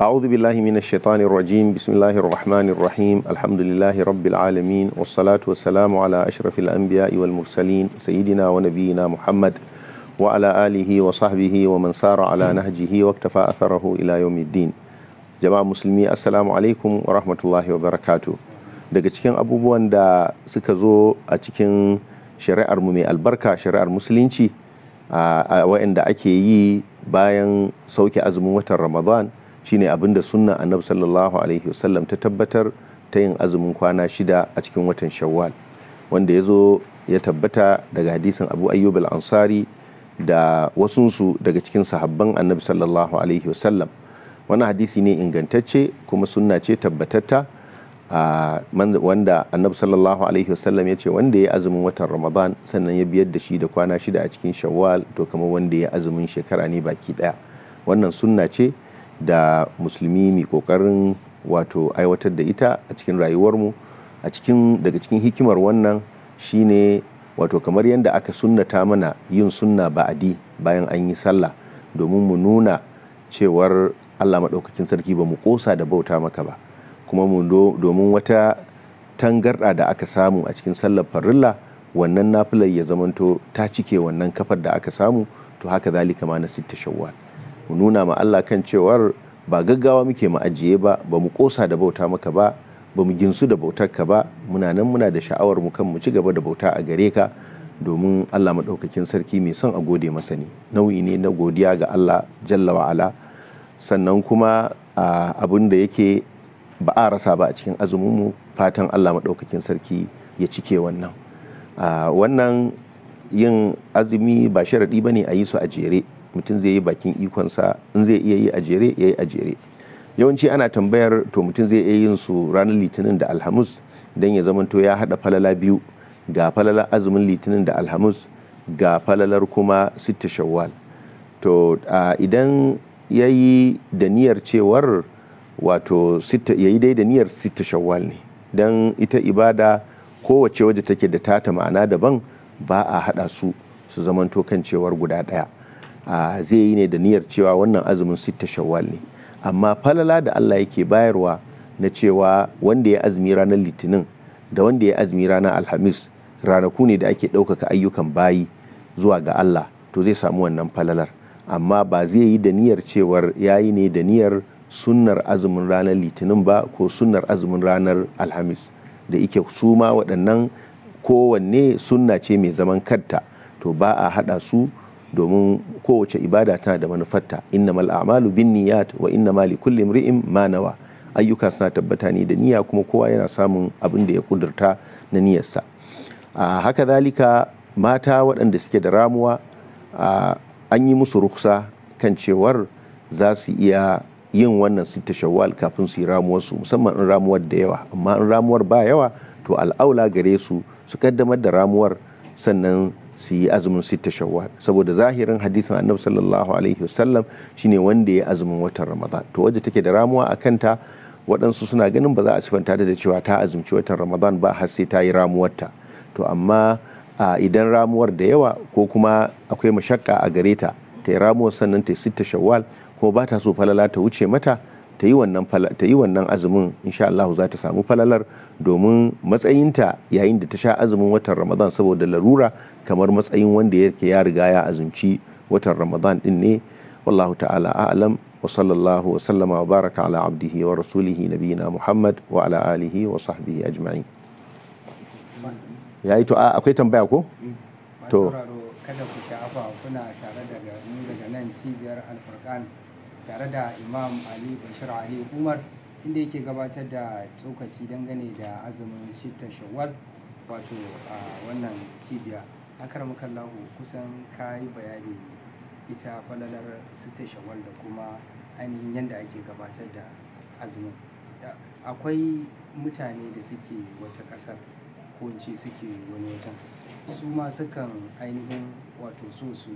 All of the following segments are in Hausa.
أعوذ بالله من الشيطان الرجيم بسم الله الرحمن الرحيم الحمد لله رب العالمين والصلاة والسلام على أشرف الأنبياء والمرسلين سيدنا ونبينا محمد وعلى آله وصحبه ومن سار على نهجه واكتفى أثره إلى يوم الدين جماعة مسلمي السلام عليكم ورحمة الله وبركاته barakatu daga cikin abubuwan da suka zo a cikin shari'ar mu mai albarka shari'ar musulunci waɗanda ake yi bayan sauke azumin watan ramadan shine abinda sunna annabi sallallahu alaihi wasallam ta tabbatar ta yin azumin kwana shida a cikin watan shawwal wanda ya zo ya tabbata daga hadisin abu ayyub al-ansari da wasunsu daga cikin sahabban annabi sallallahu alaihi wasallam wani hadisi ne ingantacce kuma sunna ce tabbatatta wanda annabi sallallahu alaihi wasallam ya ce wanda ya azumin watan ramadan sannan ya biyar da shi da kwana shida a cikin shawwal to kamar wanda ya azumin shekara ne baki daya wannan sunna ce da musulmi mai kokarin wato aiwatar da ita a cikin rayuwarmu a cikin daga cikin hikimar wannan shine wato kamar yadda aka sunnata mana yin sunna ba'adi bayan an yi sallah domin mu nuna cewar Allah maɗaukakin sarki ba mu ƙosa da bauta maka ba kuma domin wata tangarɗa da aka samu a cikin sallar farilla wannan nafilar ya zamanto ta cike wannan kafar da aka samu to haka zalika ma na sitta shawwal mu nuna ma Allah kan cewar ba gaggawa muke mu ajiye ba ba mu kosa da bauta maka ba ba mu ginsu da bautar ka ba muna nan muna da sha'awar mu kan mu ci gaba da bauta a gare ka domin Allah madaukakin sarki mai son a gode masa ne nau'i ne na godiya ga Allah jalla wa'ala sannan kuma ah, abin da yake ba a rasa ba a cikin azumin mu fatan Allah maɗaukakin sarki ya cike wannan wannan yin azumi ba sharaɗi ba ne a yi su a jere mutum zai yi bakin ikonsa in zai iya yi a jere ya yi a jere yawanci ana tambayar to mutum zai iya yin su ranar litinin da alhamis don ya zamanto ya haɗa falala biyu ga falalar azumin litinin da alhamis ga falalar kuma Sita shawwal to idan ya yi da niyyar cewar wato ya yi dai da niyyar sita shawwal ne don ita ibada kowace waje take da tata ma'ana daban ba a haɗa su su zamanto kan cewar guda ɗaya zai yi ne da niyyar cewa wannan azumin sita shawwal ne amma falala da Allah yake bayarwa na cewa wanda ya azumi ranar litinin da wanda ya azumi ranar alhamis ranaku ne da ake ɗaukaka ayyukan bayi zuwa ga Allah to zai samu wannan falalar amma ba zai yi da niyyar cewar ya yi ne da niyyar sunnar azumin ranar litinin ba ko sunnar azumin ranar alhamis da ike su ma waɗannan kowanne sunna ce mai zaman kanta to ba a haɗa su domin kowace ibada tana da manufarta inna a'malu bin niyat wa innamal likulli imri'in ma nawa ayyuka suna tabbata ne da niyya kuma kowa yana samun abin da ya kudurta na niyyarsa a haka zalika mata waɗanda suke da ramuwa an yi musu ruksa kan cewar za su iya yin wannan sita shawwal kafin su yi su musamman in ramuwar da yawa amma in ramuwar ba yawa to al'aula gare su su kaddamar da ramuwar sannan su yi azumin sita shawwal saboda zahirin hadisin annabi sallallahu alaihi wasallam shine wanda ya azumin watan ramadan to wajen take da ramuwa a kanta waɗansu suna ganin ba za a sifanta da cewa ta azumci watan ramadan ba har sai ta yi ramuwarta to amma idan ramuwar da yawa ko kuma akwai mashakka a gare ta ta yi ramuwar sannan ta yi sita shawwal ko ba ta so falala ta wuce mata ta yi wannan azumin insha Allah za ta samu falalar domin matsayinta yayin da ta sha azumin watan Ramadan saboda larura kamar matsayin wanda yake ya riga ya azumci watan Ramadan din ne wallahu ta'ala a'lam wa sallallahu wa sallama wa baraka ala abdihi wa rasulihi nabiyina Muhammad wa ala alihi wa sahbihi ajma'in yayi to akwai tambaya ko mm. to kada ku sha'afa kuna tare daga daga nan cibiyar alfurqan tare da imam ali bashir ali umar inda yake gabatar da tsokaci dangane da azumin shita shawwal wato a wannan cibiya akar makallahu kusan ka yi bayani ita falalar sita shawwal da kuma ainihin yadda ake gabatar da azumin akwai mutane da suke wata ƙasar ko ce suke wani watan su ma sukan ainihin wato so su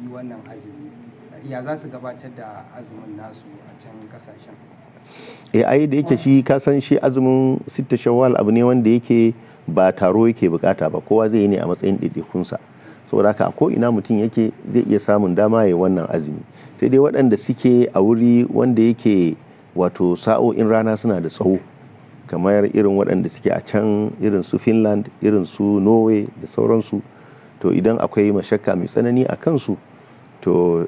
yi wannan azumi ya za su gabatar da azumin nasu a can kasashen eh ai da yake shi ka san shi azumin sita shawwal abu ne wanda yake ba taro yake bukata ba kowa zai yi ne a matsayin ɗaiɗaikunsa saboda haka ko ina mutum yake zai iya samun dama ya wannan azumi sai dai waɗanda suke a wuri wanda yake wato sa'o'in rana suna da tsawo kamar irin waɗanda suke a can irin su finland irin su norway da sauransu to idan akwai mashakka mai tsanani a kansu to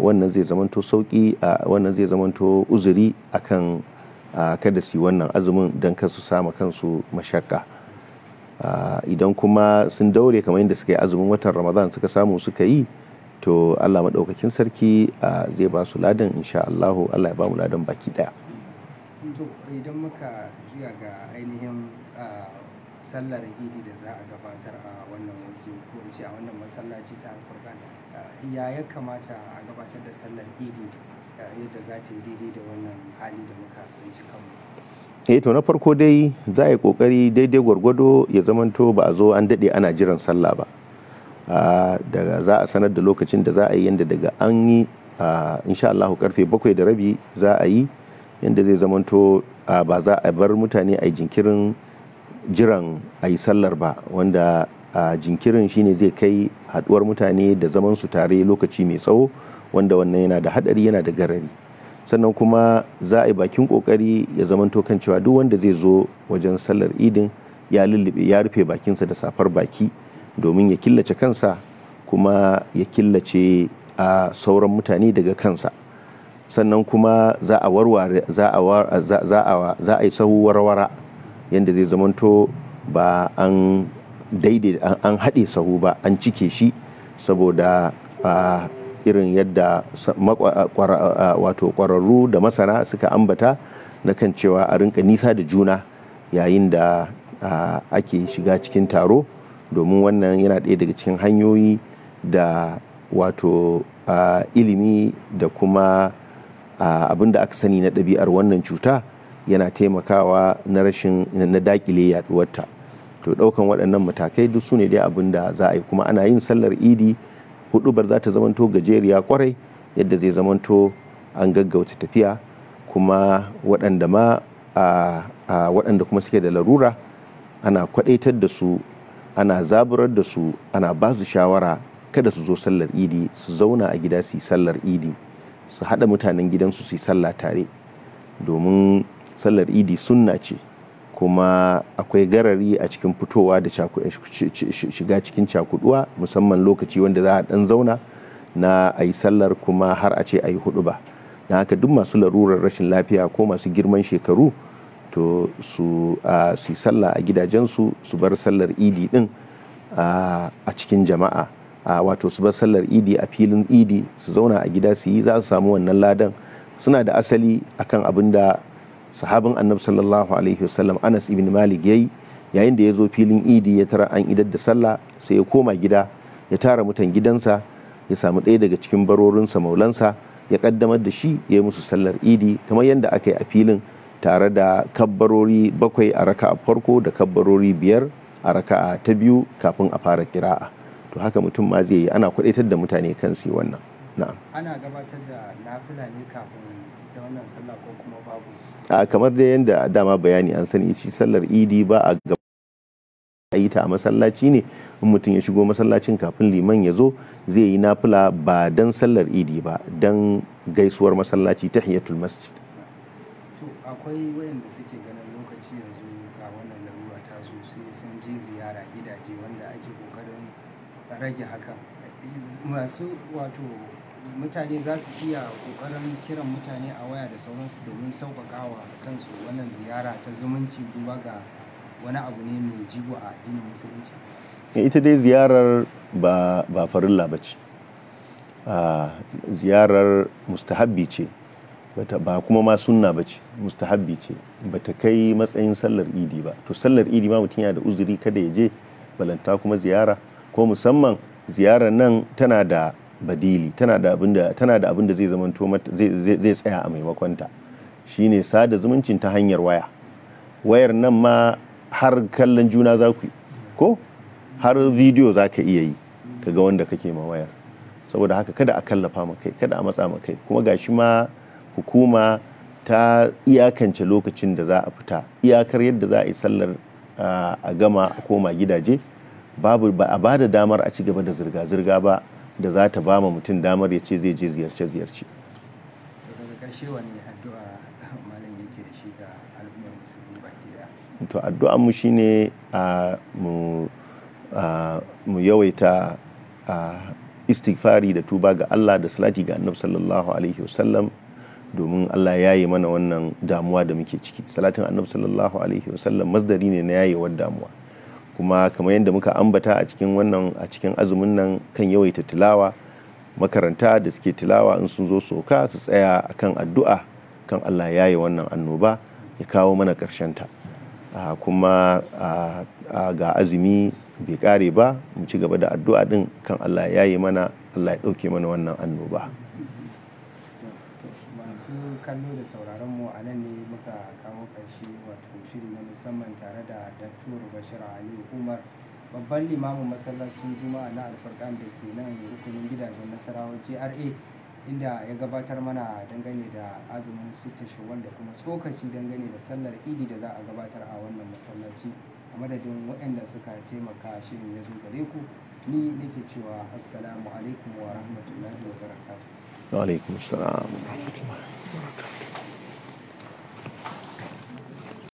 wannan zai zamanto sauki wannan zai zamanto uzuri akan kada su yi wannan azumin don kasu sama kansu mashaka idan kuma sun daure kamar yadda suka yi azumin watan ramadan suka samu suka yi to allah maɗaukakin sarki zai ba su ladan insha allahu allah ya ba mu ladan baki ɗaya sallar idi da za a gabatar a wannan waje ko in ce a wannan masallaci ta alfurkan ya ya kamata a gabatar da sallar idi eh, yadda za ta yi daidai da wannan hali da muka tsinci kanmu eh to na farko dai za a yi kokari daidai gwargwado ya zamanto ba a zo an daɗe ana jiran sallah ba ah, daga za a sanar da lokacin da za a yi yadda daga an yi ah, insha Allah karfe bakwai da rabi za a yi yadda zai zamanto ah, ba za a bar mutane a jinkirin jiran a yi sallar ba wanda a jinkirin shine zai kai haduwar mutane da zaman su tare lokaci mai tsawo wanda wannan yana da hadari yana da garari sannan kuma za a yi bakin kokari ya zamanto kan cewa duk wanda zai zo wajen sallar idin ya lullube ya rufe bakinsa da safar baki domin ya killace kansa kuma ya killace a sauran mutane daga kansa sannan kuma za a warware za a yi sahu warwara yadda zai zamanto ba an daidai an haɗe sahu ba an cike shi saboda irin yadda wato ƙwararru da masana suka ambata na kan cewa a rinka nisa da juna yayin da ake shiga cikin taro domin wannan yana ɗaya daga cikin hanyoyi da wato ilimi da kuma abin da aka sani na ɗabi'ar wannan cuta yana taimakawa na rashin na dakile yaduwarta to daukan waɗannan matakai duk su ne dai abin da za a yi kuma ana yin sallar idi bar za ta zamanto gajeriya kwarai yadda zai zamanto an gaggauta tafiya kuma waɗanda ma waɗanda kuma suke da larura ana kwadaitar da su ana zaburar da su ana ba su shawara kada su zo sallar idi su zauna a gida su yi sallar idi su haɗa mutanen gidansu su yi sallah tare domin sallar idi sunna ce kuma akwai garari a cikin fitowa da eh, shiga cikin cakuduwa musamman lokaci wanda za a dan zauna na a yi sallar kuma har a ce a yi hudu ba na haka duk masu larurar rashin lafiya ko masu girman shekaru to su yi sallah a gidajensu su bar sallar idi din a cikin jama'a wato su bar sallar idi a filin idi su zauna a gida su yi za su samu wannan ladan suna da asali akan abin da sahabin annabi sallallahu alaihi wasallam anas ibn malik yayi yayin da ya zo filin idi ya tara an idar da sallah sai ya koma gida ya tara mutan gidansa ya samu ɗaya daga cikin barorinsa maulansa ya kaddamar da shi ya yi musu sallar idi kamar yadda aka yi a filin tare da kabbarori bakwai a raka'a farko da kabbarori biyar a raka'a ta biyu kafin a fara kira'a to haka mutum ma zai yi ana kwadaitar da mutane kan su wannan na'am ana gabatar da nafila ne kafin ita wannan sallah ko kuma babu a kamar da yadda dama bayani an sani shi sallar idi ba a gaba a yi ta a masallaci ne in mutum ya shigo masallacin kafin liman ya zo zai yi nafila ba don sallar idi ba don gaisuwar masallaci ta hiyatul masjid to akwai wayanda suke ganin lokaci yanzu ga wannan larura ta zo sai sun je ziyara gidaje wanda ake kokarin rage hakan masu wato mutane za su iya kokarin kiran mutane a waya da sauransu domin sauƙaƙa wa kansu wannan ziyara ta zumunci duba ga wani abu ne mai jigo a addinin musulunci ita dai ziyarar ba farilla ba ce ziyarar mustahabbi ce ba kuma ma sunna ba ce mustahabbi ce ba ta kai matsayin sallar idi ba to sallar idi ma mutum yana da uzuri kada ya je balanta kuma ziyara ko musamman ziyarar nan tana da badili tana da abin da zai zama zai tsaya a maimakonta shine sada zumuncin ta hanyar waya wayar nan ma har kallon juna za ku ko har video za ka iya yi ka ga wanda kake ma wayar saboda haka kada a kallafa ma kai kada a matsa ma kai kuma gashi ma hukuma ta iyakance lokacin da za a fita iyakar yadda za a yi sallar a gama a koma gidaje babu ba a ba da damar a ci gaba da zirga-zirga ba da za ta ba mutum damar ya ce zai je ziyarce-ziyarce to addu'an mu shine a mu yawaita yawaita istighfari da tuba ga Allah da salati ga annabi sallallahu alaihi wasallam domin Allah ya yi mana wannan damuwa da muke ciki salatin annabi sallallahu alaihi wasallam masdari ne na yayewar damuwa kuma kamar yadda muka ambata a cikin wannan a cikin azumin nan kan yawaita tilawa makaranta da suke tilawa in sun zo soka su tsaya a kan addu'a kan Allah ya yi wannan annoba ya kawo mana ta kuma ga azumi bai kare ba mu ci gaba da addu'a din kan Allah ya yi mana Allah ya ɗauke mana wannan annoba. kallo da sauraron mu a nan ne muka kawo ƙarshe wato shiri na musamman tare da Dr. Bashir Ali Umar babban limamin masallacin Juma'a na Alfarkan da ke nan rukunin gidajen Nasarawa GRA inda ya gabatar mana dangane da azumin sita shawar da kuma tsokaci dangane da sallar idi da za a gabatar a wannan masallaci a madadin waɗanda suka taimaka shirin ya zo gare ku ni nake cewa assalamu alaikum wa rahmatullahi wa barakatuh وعليكم السلام ورحمة الله وبركاته